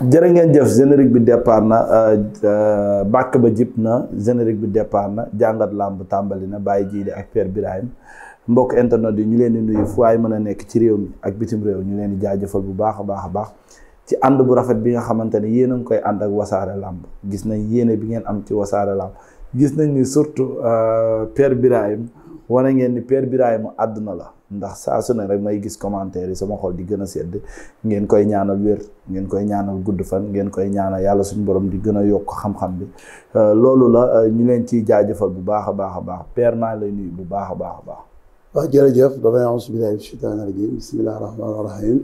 jërë ngeen jëf générique bi départ na euh, euh, bàkk ba jib na générique bi départ na jàngat làmb tàmbali na Baye Djily ak Père Birahim mbokk internet yi ñu leen di nuyu fu waay mën a nekk ci réew mi ak bitim réew ñu leen di jaajëfal bu baax a baax a baax ci ànd bu rafet bi nga xamante ne yéen a ngi koy ànd ak wasaare làmb gis nañ yéene bi ngeen am ci wasaare làmb gis nañ ni surtout euh, Père Birahim wane ngeen ni Père Birahim àdduna la ndax saa su ne rek may gis commentaire yi sama xol di gën a sedd ngeen koy ñaanal wér ngeen koy ñaanal gudd fan ngeen koy ñaanal yàlla suñu borom di gën a yokk xam-xam bi euh, loolu la euh, ñu leen ciy jaajëfal bu baax a baax a baax père maa lay nuyu bu baax a baax a baax. waaw jërëjëf damay auzu billaahi mina shaytaani rajiim bismillaahi rahmaani rahiim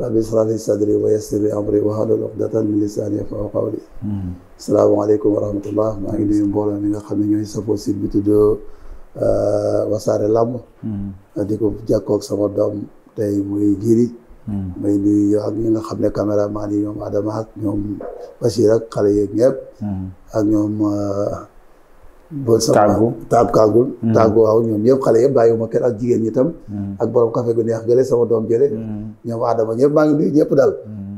rabbi ishrah li sadri wa yassir li amri wahlul uqdatan min lisani yafqahu qawli. Hmm. maa ngi nuyu mbooloo mi nga xam ne ñooy safoo site bi tudd. Euh, wasaare làmb hmm. di ko jàkkoog sama doom tey muy jiri hmm. may nuyu yow ak ñi nga xam ne caméraman yi ñoom Adama ak ñoom Bachir ak xale yeeg ñëpp hmm. ak ñoom euh, ba sama taab kaagul taagu waaw ñoom ñëpp xale yëpp bàyyiwuma kenn ak jigéen ñitam tam ak borom café gu neex gële sama doom jële ñoom Adama ñëpp maa ngi nuyu ñëpp daal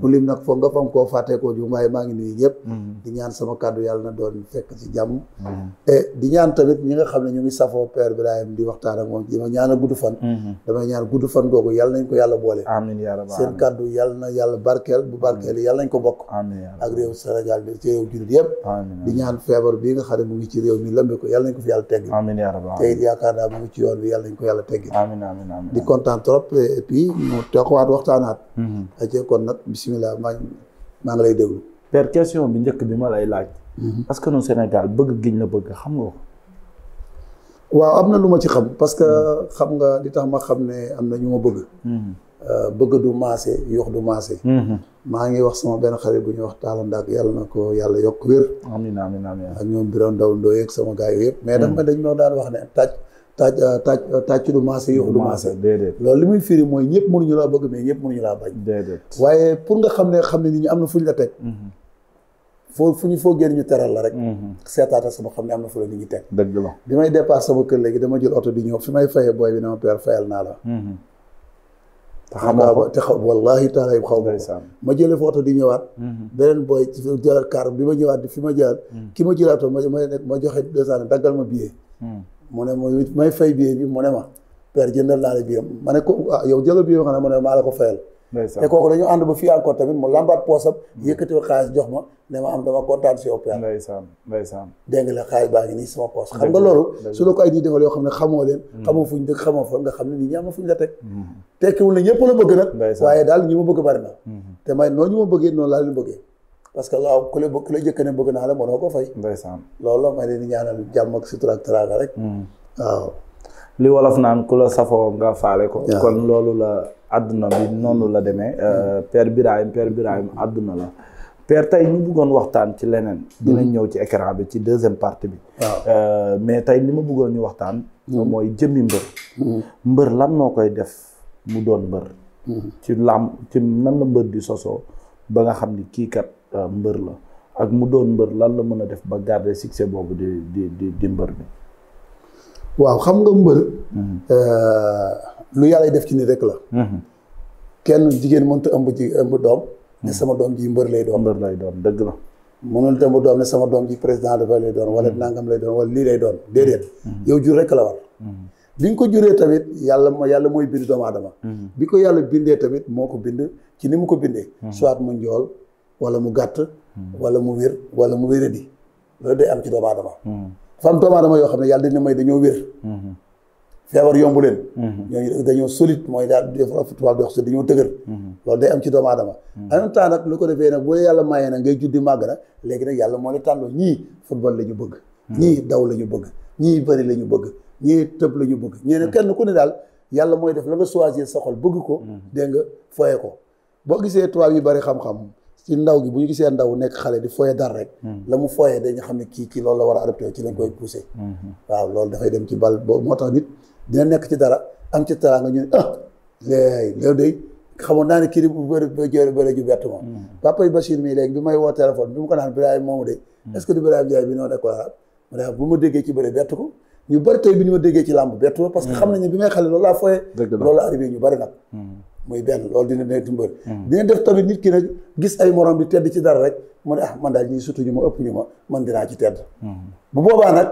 ku lim nag foog nga fam koo fàtte koo jum waaye maa ngi nuyu ñëpp mm. di ñaan sama kàddu yàlla na doon fekk ci jàmm mm. eh, di ñaan tamit ñi nga xam ne ñu ngi safoo père Birahim di waxtaan ak moom dama ñaan a gudd fan mm-hmm. damay ñaan gudd fan googu yàlla nañ ko yàlla boole amiin yaa rabbi seen kàddu yàlla na yàlla barkeel bu barkeel yàlla nañ ko bokk amiin ak réew Sénégal bi ci réew jullit yëpp di ñaan feebar bi nga xam ne mu ngi ci réew mi lëmbe ko yàlla nañ ko fi yàlla tegg amiin yaa rabbi te it yaakaar naa mu ngi ci yoon bi yàlla nañ ko yàlla tegg amiin di kontaan trop et puis mu toog bisimilah maa maa ngi lay déglu. père question bi njëkk bi ma lay laaj. askanu mhm. Sénégal bëgg giñ la bëgg xam nga ko. waaw am na lu ma ci xam parce que mhm. xam nga li tax ma xam ne am na ñu ma bëgg. Mhm. Euh, bëgg du maase yox du maase. maa ngi wax sama benn xarit bu ñuy wax Talla Ndak yàlla na ko yàlla yokk wér. amiin amiin amiin ak ñoom Birame Ndaw Ndoye ak sama gars yi yëpp. mais dama dañ ma daan wax ne tàcc. taaj euh, taaj euh, tàcc du maase yuux du maase loolu li muy firi mooy ñëpp mënuñu laa bëgg mais ñëpp mënuñu laa bañ waaye pour nga xam ne xam ne nit ñi am na fu ñu la teg mm-hmm. foo fu ñu foo génn ñu teral la rek mm-hmm. seetaata sama xam ne am na fu la nit ñi teg dëgg la bi may départ sama kër léegi dama jël oto di ñëw fi may fayee booy bi dama père naa la mm-hmm. te xam nga te xaw wallaahi xaw ma ko ma jëlee fa oto di ñëwaat beneen booy jëlaat kaar bi ma ñëwaat fi ma jëlaat ki ma jëlaatoo ma ma joxe deux cent daggal ma billet mu ne mooy may fay billet bi mu ne ma père jëndal naa la billet ma ne ko ah, yow jëlal billet xam ne mu ne maa la ko fayal te kooku dañu ànd ba fii encore tamit mu lambaat poosam yëkkati xaalis jox ma ne ma am dama kontaan si yow père ndeysaan la xaalis baa ngi nii sama poos xam nga loolu su la ko ay di defal yoo xam ne xamoo leen mm. xamoo fuñ dëkk xamoo fa nga xam ne nit ñi am fuñ la teg mm. tekkiwul na ñëpp la bëgg nag waaye daal ñi ma bëgg bari na mm-hmm. te noonu ñu ma bëggee parce que laaw ku la ku la jëkk ne bëgg naa la mënoo ko fay. ndeysaan loolu la ma leen di ñaanal jàmm ak sutura ak rek. Hmm. waaw. li wolof naan ku la safoo nga faale ko. kon loolu la àdduna bi noonu la demee. Hmm. Euh, Père Birahim Père Birahim àdduna la. per tey ñu buggoon waxtaan ci leneen. Hmm. dinañ ñëw ci écran bi ci deuxième partie bi. waaw euh, mais tey li ma buggoon ñu waxtaan. mooy jëmmi mbër. mbër lan moo koy def mu doon mbër. ci làmb ci nan la mbër di sosoo. ba nga xam ni kii kat euh, mbër la ak mu doon mbër lan la mën a def ba garder succès boobu di di di di mbër bi. waaw xam nga mbër. Mhm. Euh, lu yàlla def ci ni rek la. Mhm. kenn jigéen mënut ëmb ji ëmb doom. ne mhm. sama doom ji mbër lay doon. dëgg la. mënul ëmb doom ne sama doom ji président dafay lay doon wala nangam lay doon wala lii lay doon déedéet. yow jur rek la war. bi nga ko juree tamit yàlla moo yàlla mooy bind doomu aadama mhm. bi ko yàlla bindee tamit moo ko bind ci ni mu ko bindee mhm. soit mu njool wala mu gàtt mhm. wala mu wér wala mu wéradi loolu day am ci doomaadama aadama dafa am yoo xam ne yàlla dina may dañoo wér feebar yombu leen ñooñu dañoo solide mooy daal defa dañoo dëgër loolu day am ci doomu aadama en même temps lu ko defee nag bu la yàlla mayee nag ngay juddi màgg na léegi nag yàlla moo la tànnoo ñii football la ñu bëgg ñii daw la ñu bëgg ñii bëri la ñu bëgg ñii tëb la ñu bëgg ne hmm. kenn ku ne daal yàlla mooy def la nga choisir soxol xol ko hmm. dégg nga foye ko boo gisee tubaab yi bari xam-xam ci ndaw gi bu ñu gisee ndaw nekk xale di foye dara rek hmm. la mu foye dañu xam ne kii kii loolu la war a adopté ci lañ koy poussé waaw loolu dafay dem ci bal boobu moo tax nit dina nekk ci dara am ci teraanga ñu ne ah léegi loolu day xamoon naa ne kii di bëri bëri ju bett moom papa Bachir mii léegi bi may woo téléphone bi mu ko naan Birahim moomu de est-ce que du Birahim Ndiaye déggee ci bëri bett ñu bëri tey bi ñu ma déggee ci làmb bettu parce que mm. xam nañu bi may xale loolu laa fooye loolu la arrivé ñu bëri nag mm. muy benn loolu dina dina dimbal mm. dina def tamit nit ki nag gis ay morom di tedd ci dara rek mu ne ah man daal ñuy sutu ñu ma ëpp ñu ma man dinaa ci tedd bu boobaa nag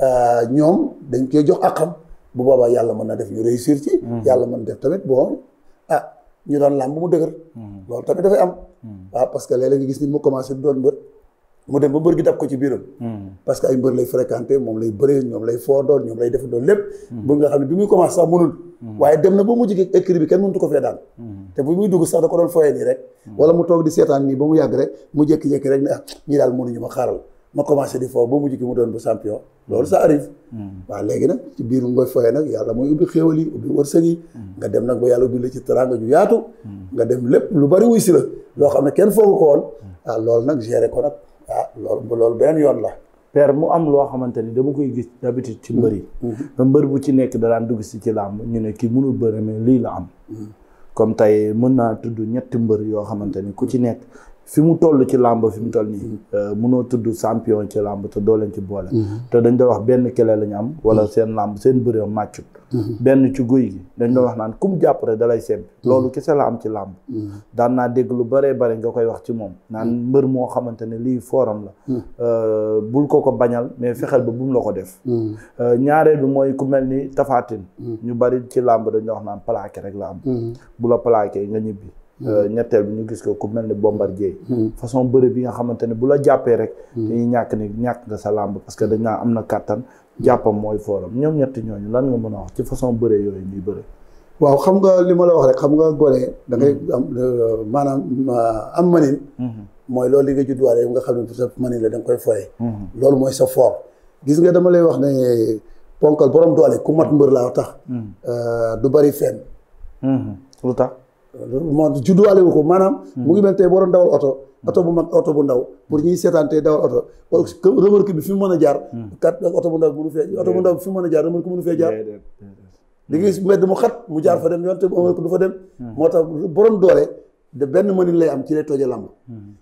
euh, ñoom dañ koy jox xam bu boobaa yàlla mën na def ñu réussir ci yàlla man def tamit bon ah ñu doon làmb mu dëgër loolu tamit dafay am waaw parce que léeg-léeg nga gis nit mu commencé doon mu dem ba mbër gi dab ko ci biiram hmm. parce que ay mbër lay fréquenté moom lay bëree ñoom lay foodool ñoom lay defa dool lépp hmm. bu nga xam ne bi muy commencé sax mënul hmm. waaye na ba mujj gi écrit bi kenn mëntu ko fee te bu muy dugg sax da ko doon foyee seetaan nii ba mu yàgg rek mu jékki-jékki rek ne ah ñii daal mënuñu ma xaaral ma commencé di foofu ba mujj gi mu doon bu champion loolu ça arrive waaw léegi nag ci biir nga foyee nag yàlla mooy ubbi xéewal yi ubbi wërsëg yi nga dem nag ba yàlla ubbi la ci teraanga ju yaatu nga dem lépp lu bari wuy si la loo xam ne kenn foogu ko woon ah loolu nag géré ko nag ah loolu benn yoon la. per mu am loo xamante ni dama koy gis d'habitude ci mbër yi. Mm-hmm. Mm-hmm. mbër bu ci nekk da daan dugg si ci làmb ñu ne kii mënul bëri mais lii la am. Mm-hmm. comme tey mën naa tudd ñetti mbër yoo xamante ni ku ci nekk fi mu toll ci làmb fi mu toll nii. Mm-hmm. Euh, mënoo tudd champion ci làmb te doo leen ci boole. Mm-hmm. te dañ doon wax benn kële lañu am. wala mm-hmm. seen làmb seen bëre màccut. benn ci guy gi dañ doon wax naan ku mu jàpp rek da lay loolu kese la am ci làmb. daan naa dégg lu bëree bëri nga koy wax ci moom. naan mbër moo xamante ne lii forum la. Euh, bul ko ko bañal mais fexeel ba bum la ko def. Euh, ñaareel bi mooy ku mel ni Tapha ñu bari ci làmb dañ doon wax naan plaqué rek la am. bu la plaqué Euh, ñetteel bi ñu gis ko ku mel ni bombardier hmm. façon bëre bi nga xamante ne bu la jàppee rek hmm. dañuy ñàkk ni ñàkk nga sa làmb parce que dañ naa am na kàttan jàppam mooy fooram ñoom ñetti ñooñu lan nga mën a wax ci façon bëre yooyu ñuy bëre waaw xam nga li ma la wax rek xam nga gone da hmm. am euh, maanaam euh, am manin mooy loolu li nga judduwaale yi nga xam ne sa manin la da koy foye loolu mooy sa foor gis nga dama lay wax ne ponkal borom doole ku mat mbër laa tax du bari fenn moo judduwaale wu ko maanaam hmm. mu boo doon oto oto bu mag oto bu ndaw pour ñuy seetaan tey dawal oto hmm. remorque bi fi mu mën a jaar hmm. kat bu ndaw mënu oto bu ndaw bi a jaar remorque mënu fee jaar mu xat mu jaar fa fa dem moo tax borom doole de benn mënin lay am ci lay tooje làmb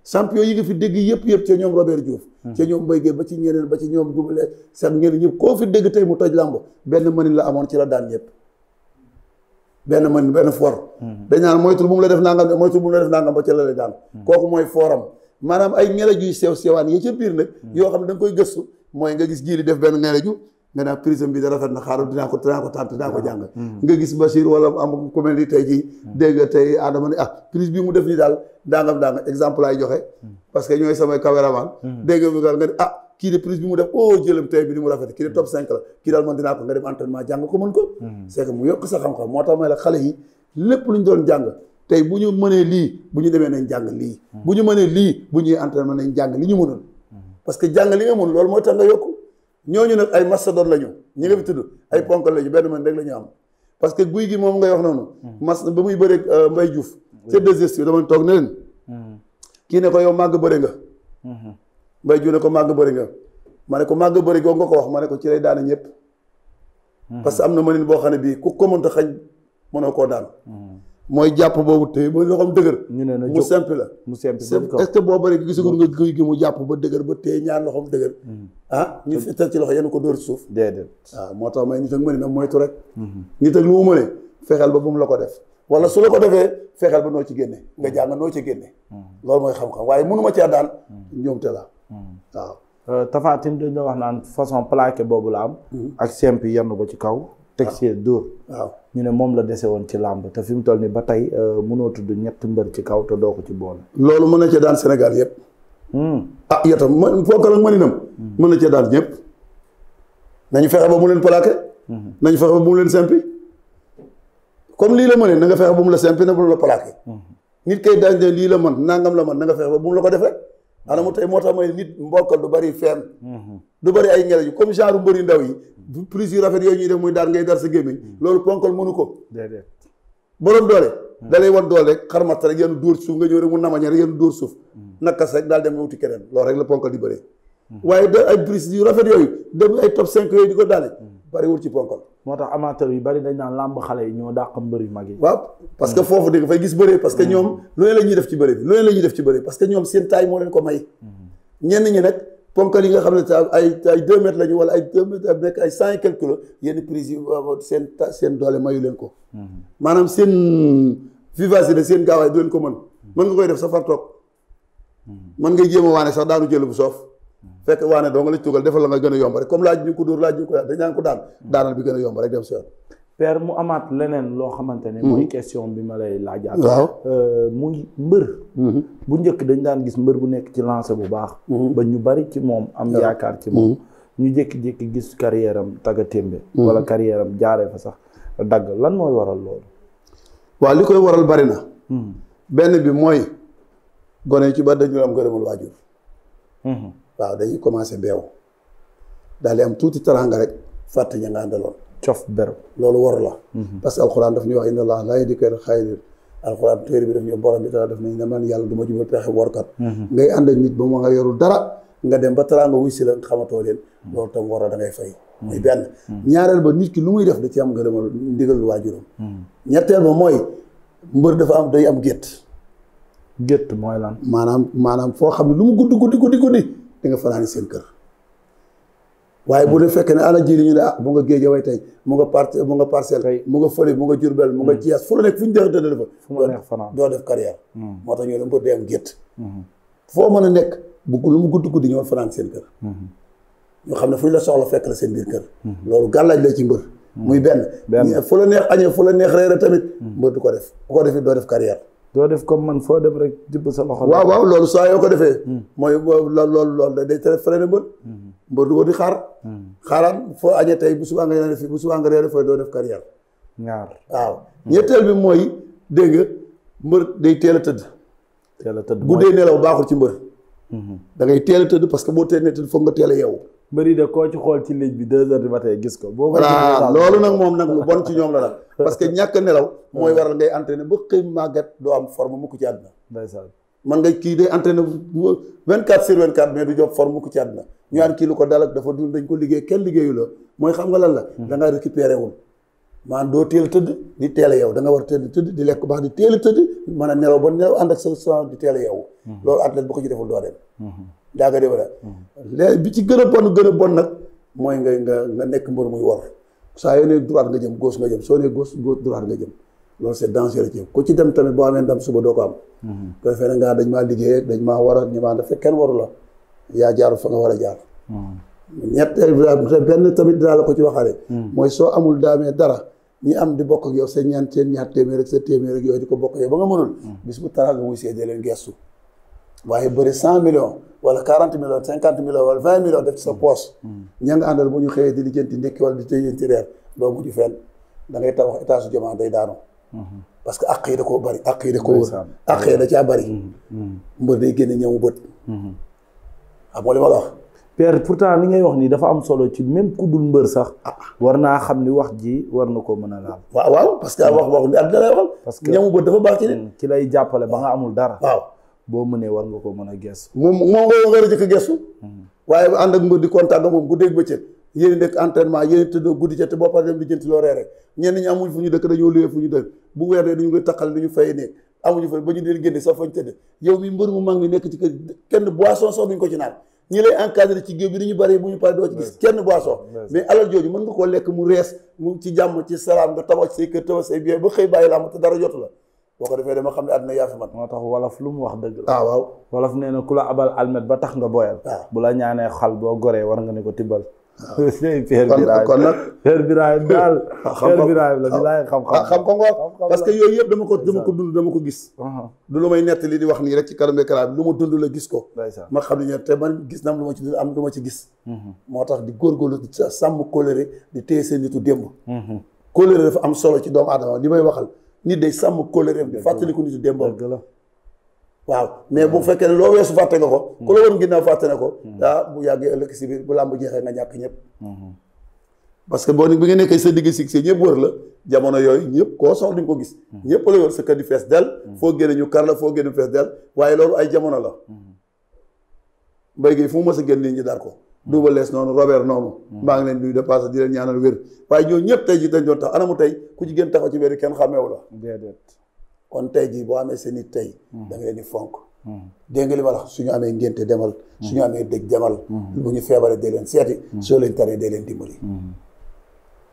champion yi nga fi dëgg yëpp yëpp ca ñoom Robert Diouf ca ñoom Mbaye Guèye ba ci ñeneen ba ci ñoom gubale sax ñeneen ñëpp koo fi dégg tey mu toj làmb benn mënin la amoon ci la daan ñëpp benn mën benn for mhm. dañ naan moytul bu mu la def nangam moytul bu mu la def nangam ba ca daan mhm. kooku mooy fooram maanaam ay ngereju sew sewaan yi ca biir nag mhm. yoo xam ne da koy gëstu mooy nga gis jii li def benn ngereju nga naa ah, da rafet na am ah, prise bi mu def ni daal dangam dangam exemple laay joxe parce que ñooy samay caméraman dégg nga nga ne ah kii de prise bi mu def oo oh, jëlam tey bi ni mu rafet kii de top 5 la kii daal man dinaa ko nga dem entraînement jàng ko mën ko hmm. c'est mu yokk sa xam-xam moo tax may la xale yi lépp lu ñu doon jàng tey bu ñu mënee lii bu ñu demee nañ jàng lii hmm. bu ñu mënee lii bu ñuy entraînement nañ jàng li ñu mënul hmm. parce que jàng li nga mënul loolu mooy tax nga yokku ñooñu nag ay mastodon la ñu ñi nga fi tudd ay ponkal la ñu benn man rek la ñu am parce que guy gi moom ngay wax noonu mas ba muy bëre euh, Mbaye Diouf ca 2STV dama ne ko yow màgg bëre nga mbay juune ko màgg bëri nga ma ne ko màgg bëri goo nga ko wax ma ne ko ci lay daana ñëpp hmm. parce que am na mënin boo xam ne bii ku ko mënta xañ mënoo koo daan hmm. mooy jàpp boobu tey ba loxoom dëgër mu simple la mu simple est-ce boo bëri gisagul nga guy mu jàpp ba dëgër ba tey ñaar loxoom dëgër hmm. ah ñu fettal ci loxo yenn ko dóor suuf déedéet waaw ah, moo tax may nit ak mëninam moytu rek nit ak lu mu mëne fexeel ba bu mu la ko def wala su la ko defee fexeel ba noo ci génne nga jàng noo ci génne loolu mooy xam-xam waaye mënuma cee daan ñoom te la waaw euh, Tapha dañ la wax naan façon plaqué boobu la am. Hmm. ak simple yenn ko ci kaw. teg see door waaw ñu ne moom la dese woon ci làmb te fi mu toll nii ba tey euh, mënoo tudd ñetti mbër ci kaw te doo ko ci boole. loolu mën a cee daan Sénégal yëpp. Hmm. ah yottam man foog ak maninam. Hmm. mën a cee daan ñëpp. nañu fexe ba mu leen plaqué. nañu fexe ba mu leen simpi. comme lii la mënee na nga fexe ba mu la simpi na bu la plaqué. nit kay daañu ne lii la mën nangam la man na nga fexe ba mu la ko def anamu tey moo tax mooy nit mbokkal du bari fenn. Mhm. du bari ay ngelaw yi comme genre mbëri ndaw yi. plusieurs affaires yooyu ñuy def muy daar ngay dar sa gémmiñ. Mhm. loolu ponkal mënu ko. déedéet borom doole. Mhm. da lay wan doole rek xarmat rek yenn dóor suuf nga ñëw rek mu namañe rek yenn dóor suuf. nakas rek daal dem nga wuti keneen loolu rek la ponkal di bëree. waaye da ay yu rafet yooyu dem ay top cinq yooyu di ko daane. bariwul ci ponkal. moo tax amateur yu bari dañ naan làmb xale yi ñoo dàq mbër yu mag yi. waaw parce que mm. foofu di nga fay gis bëree parce que mm. ñoom lu ne la ñuy def ci bëri bi lu ne la def ci bëri parce que ñoom seen taille moo leen ko may. Mm. ñenn ñi nag ponkal yi nga xam ne ay ay deux mètres lañu wala ay deux mètres nekk ay cent et quelques yenn prise yi seen seen doole mayu leen ko. maanaam seen vivacité seen gaawaay du leen ko mën. mën nga koy def sa far toog. mën ngay jéem a waane sax daanu jël bu soof. fekk waane doo nga la ci defal la nga gën a yomb rek comme laaj ñu ko dóor laaj ñu ko dañ naan ko daan daanal bi gën a yomb rek dem si yoon mu amaat leneen loo xamante ne mooy mhm. question bi ma lay laajaat waaw euh, muy mbër mhm. bu njëkk dañ daan gis mbër bu nekk ci lancé bu baax mhm. ba ñu bari ci moom am yaakaar ci moom ñu jékki-jékki gis carrière am tagga témbe wala carrière am jaaree fa sax dagg lan mooy waral loolu waa li koy waral bari na benn bi mooy gone ci ba dañu am gërëmul waaw dañuy commencé beew daal di am tuuti taraanga rek fàtte ña nga àndaloon cof beru loolu war la mhm. parce que alxuraan daf ñuy wax inna allah laa yahdi kaydal xaa'iniin alxuraan téere bi daf ñu borom bi dara daf nañ ne yàlla du ma jubal pexe workat mhm. ngay ànd ak nit ba mu nga dara nga dem ba taraanga wuy si la nga xamatoo leen mhm. loolu tam war a da ngay fay muy benn ñaareel ba nit ki lu muy def da ci am nga ngërëmal ndigal waajuram ñetteel ba mooy mbër dafa am day am gétt gétt mooy lan maanaam maanaam foo xam ne lu mu guddi guddi guddi guddi di nga fanaani seen kër waaye bu dee fekkee ne ala ji li ñu ne ah mu nga géej way tey mu nga part mu nga parcelle mu nga fële mu nga jurbel mu nga ciyaas mm. fu nekk fu ñu def dëdd fa doo def carrière mm. moo tax ñoo dem ba dee am gétt mm-hmm. foo mën a nekk bu lu mu gudd guddi ñoo fanaan seen kër mm-hmm. ñoo xam ne fu ñu la soxla fekk la seen biir kër mm-hmm. loolu gàllaaj la ci mbër mm. muy benn fu la neex añee fu la neex reere tamit mbër du ko def bu ko defee doo def carrière doo def comme man foo dem rek jëbb sa loxo. waaw waaw loolu saa yoo ko defee. Hmm. mooy loolu loolu day tere freiné mbër. Hmm. mbër du ko di xaar. Hmm. xaaraan foo añee tey bu subaa nga reere fii bu subaa nga reere fooy doo def carrière. ñaar waaw ñetteel bi mooy dégg mbër day teel a tëdd. teel a tëdd guddee nelaw baaxul ci mbër. da ngay teel a tëdd parce que boo teel nee tëdd foog nga teel a yeewu. bëri de koo ci xool ci ligne bi deux heures du matin gis ko. boo loolu nag moom nag lu bon ci ñoom la nag parce que ñàkk nelaw. mooy waral ngay entraîné ba xëy màggat doo am forme mukk ci àdduna. ndeysaan man nga kii day entraîné vingt quatre sur vingt quatre mais du job forme mukk ci àdduna. ñu naan kii lu ko dal ak dafa dund dañ ko liggéey kenn liggéeyu la mooy xam nga lan la. Hmm. da ngaa récupéré maanaam doo teel a tëdd di teel a yow war a tëdd di lekk baax di teel a tëdd mën a nelaw ba nelaw ànd ak sa sa di teel a yow mhm. loolu athlète bu ko ci deful doo dem daa ko defal léegi bi ci gën a bon gën a bon nag mooy nga nga nga nekk mbër muy war saa yoo nee droite nga jëm gauche nga jëm soo nee gauche gauche droite nga jëm loolu dem boo amee ndam suba doo ko am mhm. ko nga dañ maa liggéey dañ maa war a ñimaan dafa kenn waru la yaa jaaru fa nga war a jaar mhm. ñett benn tamit dinaa la ko ci waxaale mooy soo amul daamee dara ñu am di bokk yow sa ñaan seen ñaar téeméer ak sa téeméer ak di ko bokk yow ba nga mënul hmm. bis bu taraanga muy seedee gestu waaye bëri cent million wala quarante millions cinquante millions wala vingt millions def ci sa hmm. poche hmm. ña nga àndal bu ñu xëyee di lijjanti ndekki wala di lijjanti reer doo mujj fenn da ngay tabax état su jamono day daanu parce que àq yi da koo bëri àq yi da koo àq yi da caa bari mbër day génne ñëw bët xam nga li ma la père pourtant li ngay wax nii dafa am solo ci même ku dul mbër sax. Ah. war naa xam ni wax ji war na koo mën a laal. waaw waaw parce que mm. wax waxu ni àddina lay waxal. parce que ñamu bët dafa baax ci nit. ki mm, lay jàppale ba nga amul dara. waaw boo mënee war nga koo mën a gestu. moom moom nga war a jëkk gestu. Mm. waaye ànd ak mbër di kontaan ak moom guddeeg bëccëg. yéen a nekk entraînement yéen tëddoo guddi ca te boo dem di jënti loo reere ñenn ñi amuñ fu ñu dëkk dañoo luyee fu ñu dëkk bu weer dee dañu ñu fay ne ñu leen génne yow mi mbër mu mag mi nekk ci kenn boisson sax duñ ko ci ñi lay encadré ci géew bi ni ñu bëree bu ñu paree doo ci gis kenn boisson mais alal jooju mën nga koo lekk mu rees mu ci jàmm ci salaam nga tabax say kër tabax say bien ba xëy bàyyi làmb te dara jotu la boo ko defee dama xam ne àddina yaa fi man moo tax wolof lu mu wax dëgg la ah waaw wolof nee na ku la abal almet ba tax nga boyal ah. bu la ñaanee xal boo goree war nga ne ko tibbal waaw kon nag Père Birahim daal Père Birahim la bilaay xam-xam xam ko ah, nga parce que yooyu yëpp dama ko dama ko dund dama ko gis uh-huh. du lu may nettali di wax nii rek ci kanam écran bi lu ma dund la gis ko ma xam ne te man gis nam lu ma ci dund am lu ma ci gis uh-huh. moo tax di góorgóorlu sàmm kóllëre di téye seen nitu démb uh-huh. kóllëre dafa am solo ci doomu aadama li may waxal nit day sàmm kóllëreem di fàttaliku nitu démbam waaw mais bu fekkee ne loo weesu fàtte nga ko. ku la woon ginnaaw fàtte na ko. ah bu yàggee ëllëg si biir bu làmb jeexee nga ñàkk ñëpp. Hmm. parce que boo ni bi nga nekkee sa digg si si ñëpp wër la jamono yooyu ñëpp koo soxla di ñu ko gis. Hmm. ñëpp la wër sa kër di fees del. foo génne ñu kar la foo génne fees del waaye loolu ay jamono la. mbéy gi fu mu mës a génn nit ñi dar ko. Double Less noonu Robert noonu. maa ngi leen di dépassé di leen ñaanal wér. waaye ñoo ñëpp ji dañ doon tax anamu tey ku ci gën taxaw ci wér kenn la. kon tey jii boo amee seen i tey. Hmm. da nga leen fonk. Hmm. dégg nga li ma la suñu amee ngénte demal. Hmm. suñu amee dëj demal. bu ñu feebaree dee leen seeti. soo leen taree dee leen dimbali.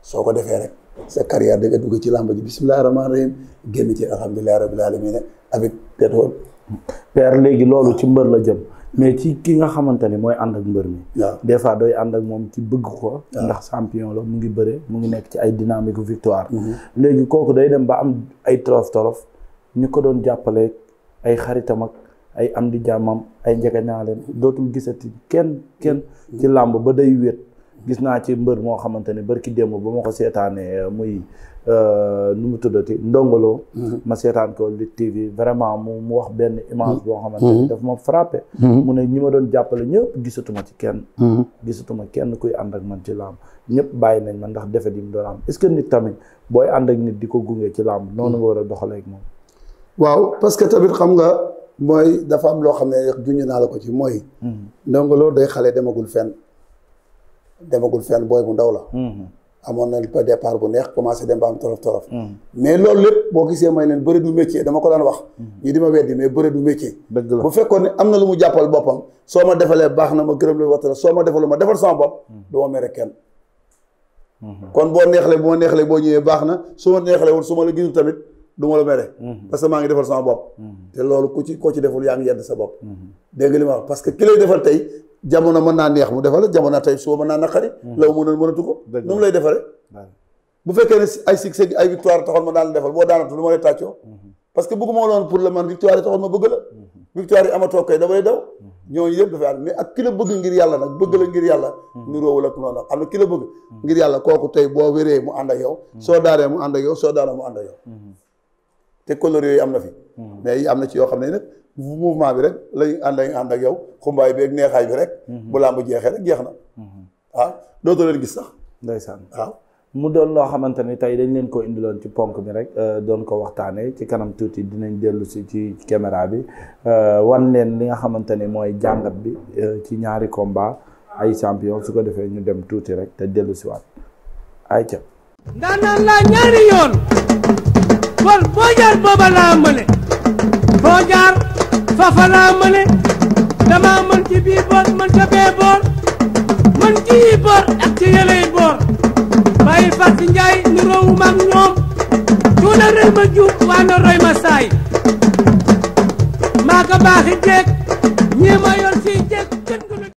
soo ko defee rek sa carrière da nga dugg ci làmb ji bisimilah rahmaani rahim génn ci alhamdulilah rabil ne avec pétrole. père léegi loolu ci mbër la jëm. mais ci ki nga xamante ni mooy ànd ak mbër mi. waaw des fois doy ànd ak moom ci bëgg ko. ndax sampion la mu ngi bëre mu ngi nekk ci ay dynamique victoire. Mm-hmm. léegi kooku day dem ba am ay torof torof. ñu ko doon jàppale ay xaritam ak ay am di jàmmam ay njegeñaaleem dootul gisati kenn kenn ci làmb ba day wéet gis naa ci mbër moo xamante ne ki démb ba ma ko seetaanee euh, muy euh, nu mu tuddati ndongoloo mm-hmm. ma seetaan ko li TV vraiment mu mu wax benn image mm-hmm. boo xamante ne mm-hmm. daf ma frappé mu ne ñu ma doon jàppale ñëpp gisatuma ci kenn gisatuma kenn kuy ànd ak man ci làmb ñëpp bàyyi nañ ma ndax defet yi mu doon am est-ce que nit tamit booy ànd ak nit di ko gunge ci làmb noonu nga war a doxaleeg moom waaw parce que tamit xam nga mooy dafa am loo xam ne duñu naa la ko ci mooy. Mm-hmm. ndongo loolu day xale demagul fenn demagul fen booy bu ndaw la. Mm-hmm. amoon na le départ bu neex commencé dem ba am tolof tolof. Mm-hmm. mais loolu lépp boo gisee may neen bëre du métier dama ko daan wax. ñu ma weddi mais bëre du métier. dëgg la bu fekkoon ne am na lu mu jàppal boppam soo ma defalee baax na ma gërëm la waxtaan soo ma defalu ma defal sama bopp. du ma mere kenn. kon boo neexlee boo neexlee boo ñëwee baax na su ma neexlee woon su la gisul tamit. du ma la mere mhm. parce que maa ngi defal sama bopp mhm. te loolu ku ci koo ci deful yaa ngi yedd sa bopp mhm. dégg li ma wax parce que ki lay defal tey jamono mën mu defal la mu mënoon mënatu ko nu mu boo daanatu lu ma lay ak ki la bëgg mu ànd ak yow soo daaree mu ànd ak yow soo daaree mu ànd ak yow te couleur yooyu am na fi. Hmm. mais am na ci yoo xam ne nag mouvement bi rek lañu ànd ak ànd ak yow xumbaay bi ak neexaay bi rek. Hmm. bu làmb jeexee rek jeex na. Hmm. ah dootoo leen gis sax. ndeysaan waaw. mu doon loo xamante ni tey dañ leen ko indiloon ci ponk bi rek euh, doon ko waxtaanee ci kanam tuuti dinañ dellu si ci caméra bi euh, wan leen li nga xamante ni mooy jàngat bi euh, ci ñaari combat ay champion su ko defee ñu dem tuuti rek te dellu si waat ay ca ndaanaan laa ñaari kon foo jaar booba laa mëne foo jaar fafa laa mëne dama mën ci bii mën ca mën ci yi boor ak ci yëley nu roowu maag ñoom tuuna rëy ma waa na ma saay maa ko baaxi ñii ma yor si